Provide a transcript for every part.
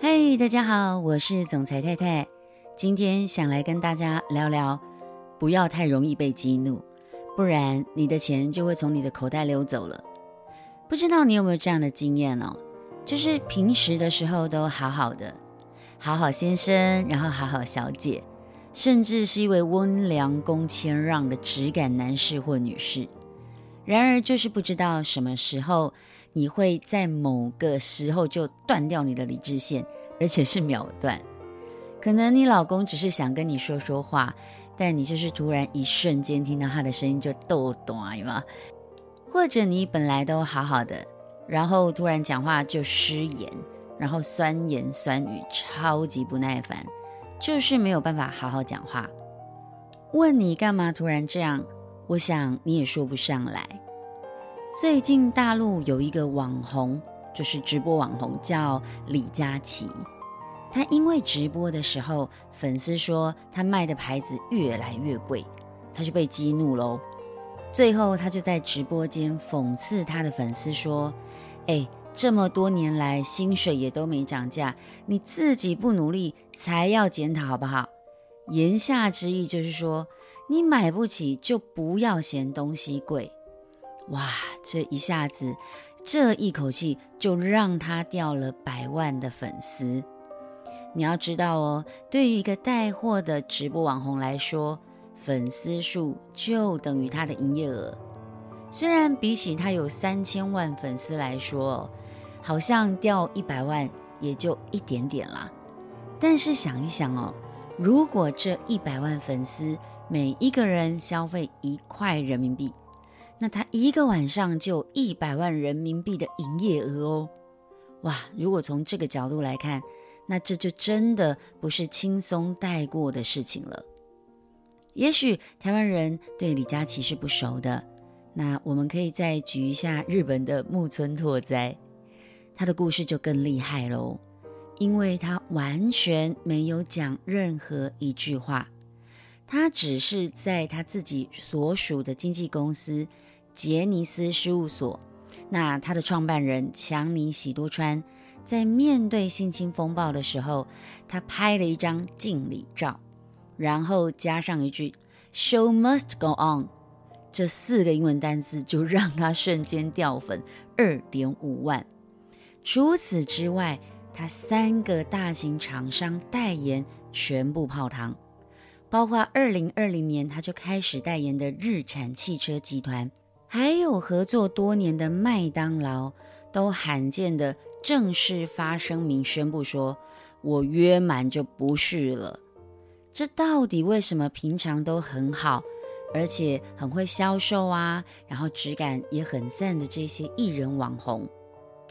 嗨，hey，大家好，我是總裁太太。今天想來跟大家聊聊，不要太容易被激怒，不然你的錢就會從你的口袋溜走了。不知道你有沒有這樣的經驗哦？就是平時的時候都好好的，好好先生，然後好好小姐。甚至是一位溫良恭謙讓的質感男士或女士，然而就是不知道什麼時候，你會在某個時候就斷掉你的理智線，而且是秒斷。可能你老公只是想跟你說說話，但你就是突然一瞬間聽到他的聲音就鬥短嗎？或者你本來都好好的，然後突然講話就失言，然後酸言酸語，超級不耐煩。就是沒有辦法好好講話。問你幹嘛突然這樣？我想你也說不上來。最近大陸有一個網紅，就是直播網紅叫李佳琦，他因為直播的時候粉絲說他賣的牌子越來越貴，他就被激怒嘍。最後他就在直播間諷刺他的粉絲說：“哎。”這麼多年來，薪水也都沒漲價，你自己不努力才要檢討好不好？言下之意就是說，你買不起就不要嫌東西貴。哇，這一下子，這一口氣就讓他掉了百萬的粉絲。你要知道哦，對於一個帶貨的直播網紅來說，粉絲數就等於他的營業額。雖然比起他有三千萬粉絲來說，好像掉一百萬也就一點點啦，但是想一想哦，如果這一百萬粉絲每一個人消費一塊人民幣，那他一個晚上就一百萬人民幣的營業額哦！哇，如果從這個角度來看，那這就真的不是輕鬆帶過的事情了。也許台灣人對李佳琦是不熟的，那我們可以再舉一下日本的木村拓哉。他的故事就更厲害嘍，因為他完全沒有講任何一句話，他只是在他自己所屬的經紀公司傑尼斯事務所，那他的創辦人強尼喜多川在面對性侵風暴的時候，他拍了一張敬禮照，然後加上一句 “Show must go on”，這四個英文單詞就讓他瞬間掉粉二點五萬。除此之外，他三個大型廠商代言全部泡湯，包括二零二零年他就開始代言的日產汽車集團，還有合作多年的麥當勞，都罕見的正式發聲明宣布說：“我約滿就不續了。”這到底為什麼？平常都很好，而且很會銷售啊，然後質感也很讚的這些藝人網紅。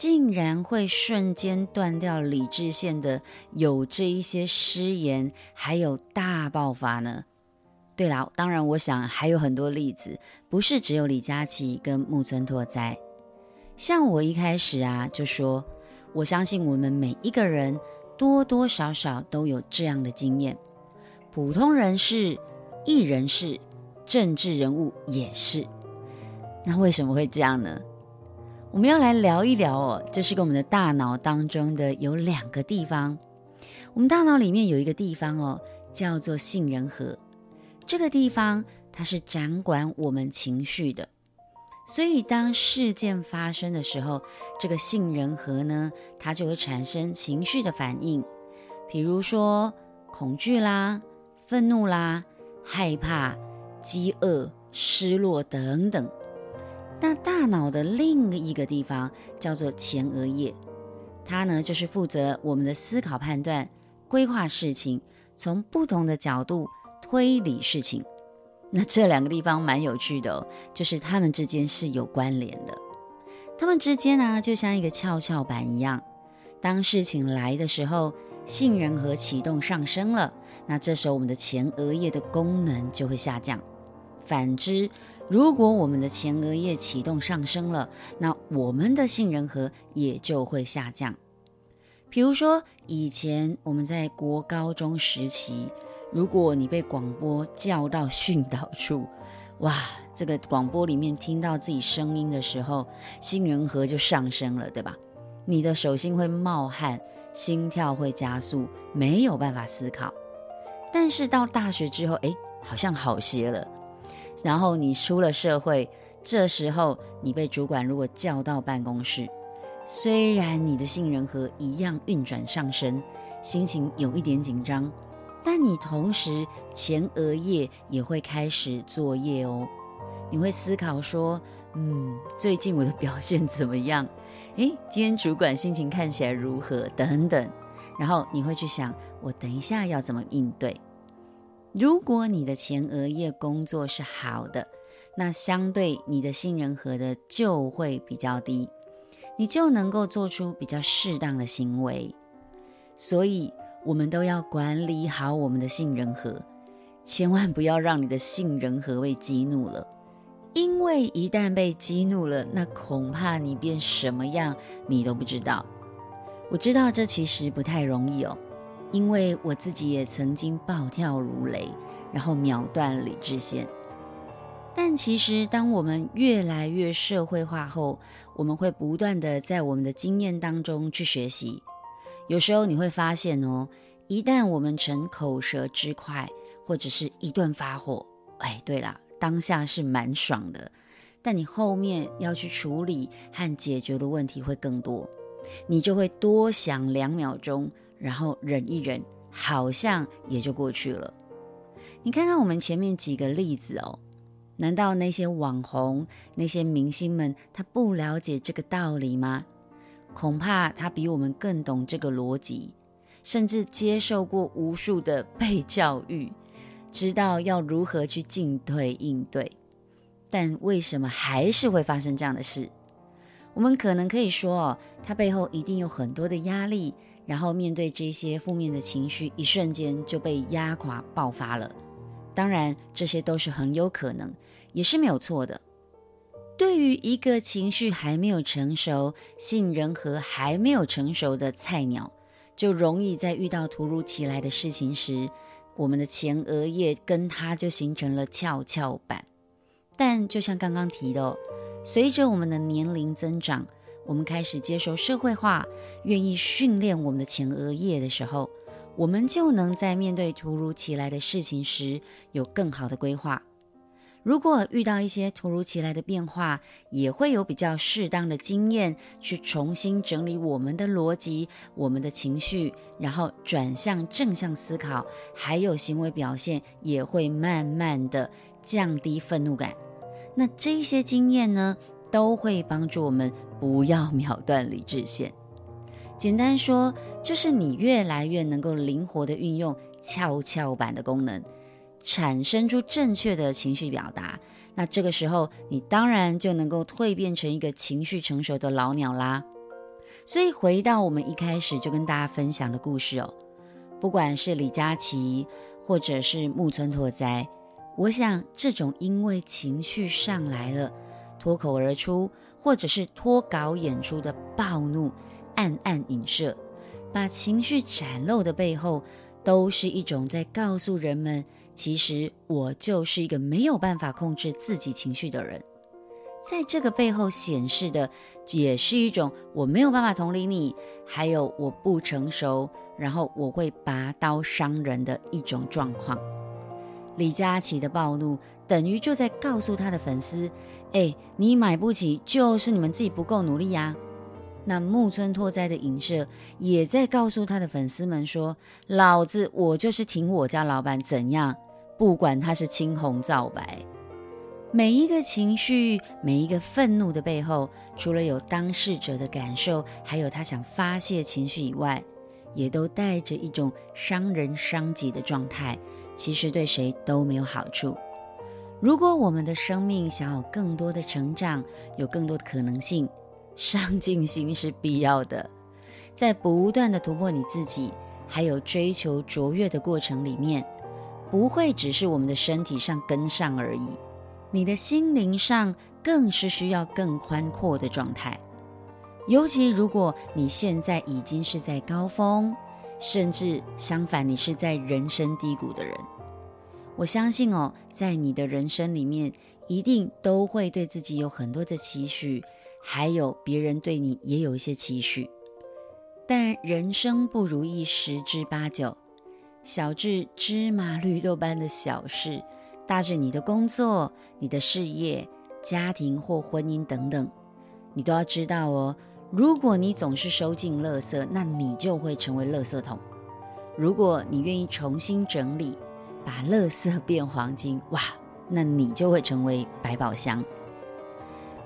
竟然會瞬間斷掉理智線的，有這一些失言，還有大爆發呢。對啦，當然我想還有很多例子，不是只有李佳琦跟木村拓哉。像我一開始啊就說，我相信我們每一個人多多少少都有這樣的經驗，普通人是，藝人是，政治人物也是。那為什麼會這樣呢？我們要來聊一聊哦，就是跟我們的大腦當中的有兩個地方，我們大腦裡面有一個地方哦，叫做杏仁核。這個地方它是掌管我們情緒的，所以當事件發生的時候，這個杏仁核呢，它就會產生情緒的反應，比如說恐懼啦、憤怒啦、害怕、飢餓、失落等等。那大腦的另一個地方叫做前額葉，它呢就是負責我們的思考、判斷、規劃事情，從不同的角度推理事情。那這兩個地方蠻有趣的哦，就是它們之間是有關聯的。它們之間呢就像一個蹺蹺板一樣，當事情來的時候，杏仁核啟動上升了，那這時候我們的前額葉的功能就會下降。反之。如果我們的前額葉啟動上升了，那我們的杏仁核也就會下降。比如說，以前我們在國高中時期，如果你被廣播叫到訓導處，哇，這個廣播裡面聽到自己聲音的時候，杏仁核就上升了，對吧？你的手心會冒汗，心跳會加速，沒有辦法思考。但是到大學之後，哎，好像好些了。然後你出了社會，這時候你被主管如果叫到辦公室，雖然你的杏仁核一樣運轉上升，心情有一點緊張，但你同時前額葉也會開始作業哦。你會思考說，嗯，最近我的表現怎麼樣？誒，今天主管心情看起來如何？等等，然後你會去想，我等一下要怎麼應對。如果你的前額葉工作是好的，那相對你的杏仁核的就會比較低，你就能夠做出比較適當的行為。所以，我們都要管理好我們的杏仁核，千萬不要讓你的杏仁核被激怒了，因為一旦被激怒了，那恐怕你變什麼樣你都不知道。我知道這其實不太容易哦。因為我自己也曾經暴跳如雷，然後秒斷理智線。但其實，當我們越來越社會化後，我們會不斷的在我們的經驗當中去學習。有時候你會發現哦，一旦我們逞口舌之快，或者是一頓發火，哎，對啦，當下是蠻爽的，但你後面要去處理和解決的問題會更多，你就會多想兩秒鐘。然後忍一忍，好像也就過去了。你看看我們前面幾個例子哦，難道那些網紅、那些明星們他不了解這個道理嗎？恐怕他比我們更懂這個邏輯，甚至接受過無數的被教育，知道要如何去進退應對。但為什麼還是會發生這樣的事？我們可能可以說哦，他背後一定有很多的壓力。然後面對這些負面的情緒，一瞬間就被壓垮爆發了。當然，這些都是很有可能，也是沒有錯的。對於一個情緒還沒有成熟、杏仁核還沒有成熟的菜鳥，就容易在遇到突如其來的事情時，我們的前額葉跟它就形成了蹺蹺板。但就像剛剛提到，哦，隨着我們的年齡增長，我們開始接受社會化、願意訓練我們的前額葉的時候，我們就能在面對突如其來的事情時有更好的規劃。如果遇到一些突如其來的變化，也會有比較適當的經驗去重新整理我們的邏輯、我們的情緒，然後轉向正向思考，還有行為表現也會慢慢的降低憤怒感。那這些經驗呢？都會幫助我們不要秒斷理智線。簡單說，就是你越來越能夠靈活地運用蹺蹺板的功能，產生出正確的情緒表達。那這個時候，你當然就能夠蛻變成一個情緒成熟的老鳥啦。所以回到我們一開始就跟大家分享的故事哦，不管是李佳琦或者是木村拓哉，我想這種因為情緒上來了。脫口而出，或者是脫稿演出的暴怒、暗暗影射，把情緒展露的背後，都是一種在告訴人們，其實我就是一個沒有辦法控制自己情緒的人。在這個背後顯示的，也是一種我沒有辦法同理你，還有我不成熟，然後我會拔刀傷人的一種狀況。李佳琦的暴怒，等於就在告訴他的粉絲，哎、欸，你買不起就是你們自己不夠努力呀。那木村拓哉的影射也在告訴他的粉絲們說，老子我就是挺我家老闆怎樣，不管他是青紅皂白。每一個情緒，每一個憤怒的背後，除了有當事者的感受，還有他想發洩情緒以外，也都帶着一種傷人傷己的狀態，其實對誰都沒有好處。如果我們的生命想要更多的成長，有更多的可能性，上進心是必要的。在不斷的突破你自己，還有追求卓越的過程裡面，不會只是我們的身體上跟上而已，你的心靈上更是需要更寬闊的狀態。尤其如果你現在已經是在高峰，甚至相反你是在人生低谷的人。我相信哦，在你的人生裡面，一定都會對自己有很多的期許，還有別人對你也有一些期許。但人生不如意十之八九，小至芝麻綠豆般的小事，大至你的工作、你的事業、家庭或婚姻等等，你都要知道哦。如果你總是收進垃圾，那你就會成為垃圾桶。如果你願意重新整理。把垃圾變黃金，哇！那你就會成為百寶箱。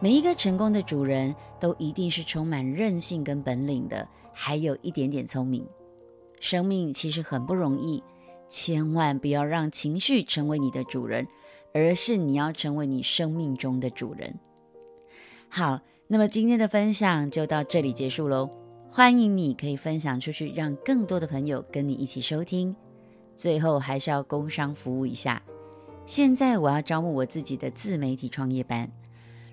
每一個成功的主人都一定是充滿韌性跟本領的，還有一點點聰明。生命其實很不容易，千萬不要讓情緒成為你的主人，而是你要成為你生命中的主人。好，那麼今天的分享就到這裡結束嘍。歡迎你可以分享出去，讓更多的朋友跟你一起收聽。最後還是要工商服務一下。現在我要招募我自己的自媒體創業班，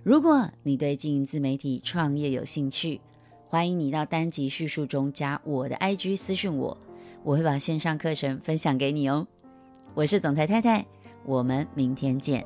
如果你對經營自媒體創業有興趣，歡迎你到單集敘述中加我的 IG 私訊我，我會把線上課程分享給你哦。我是總裁太太，我們明天見。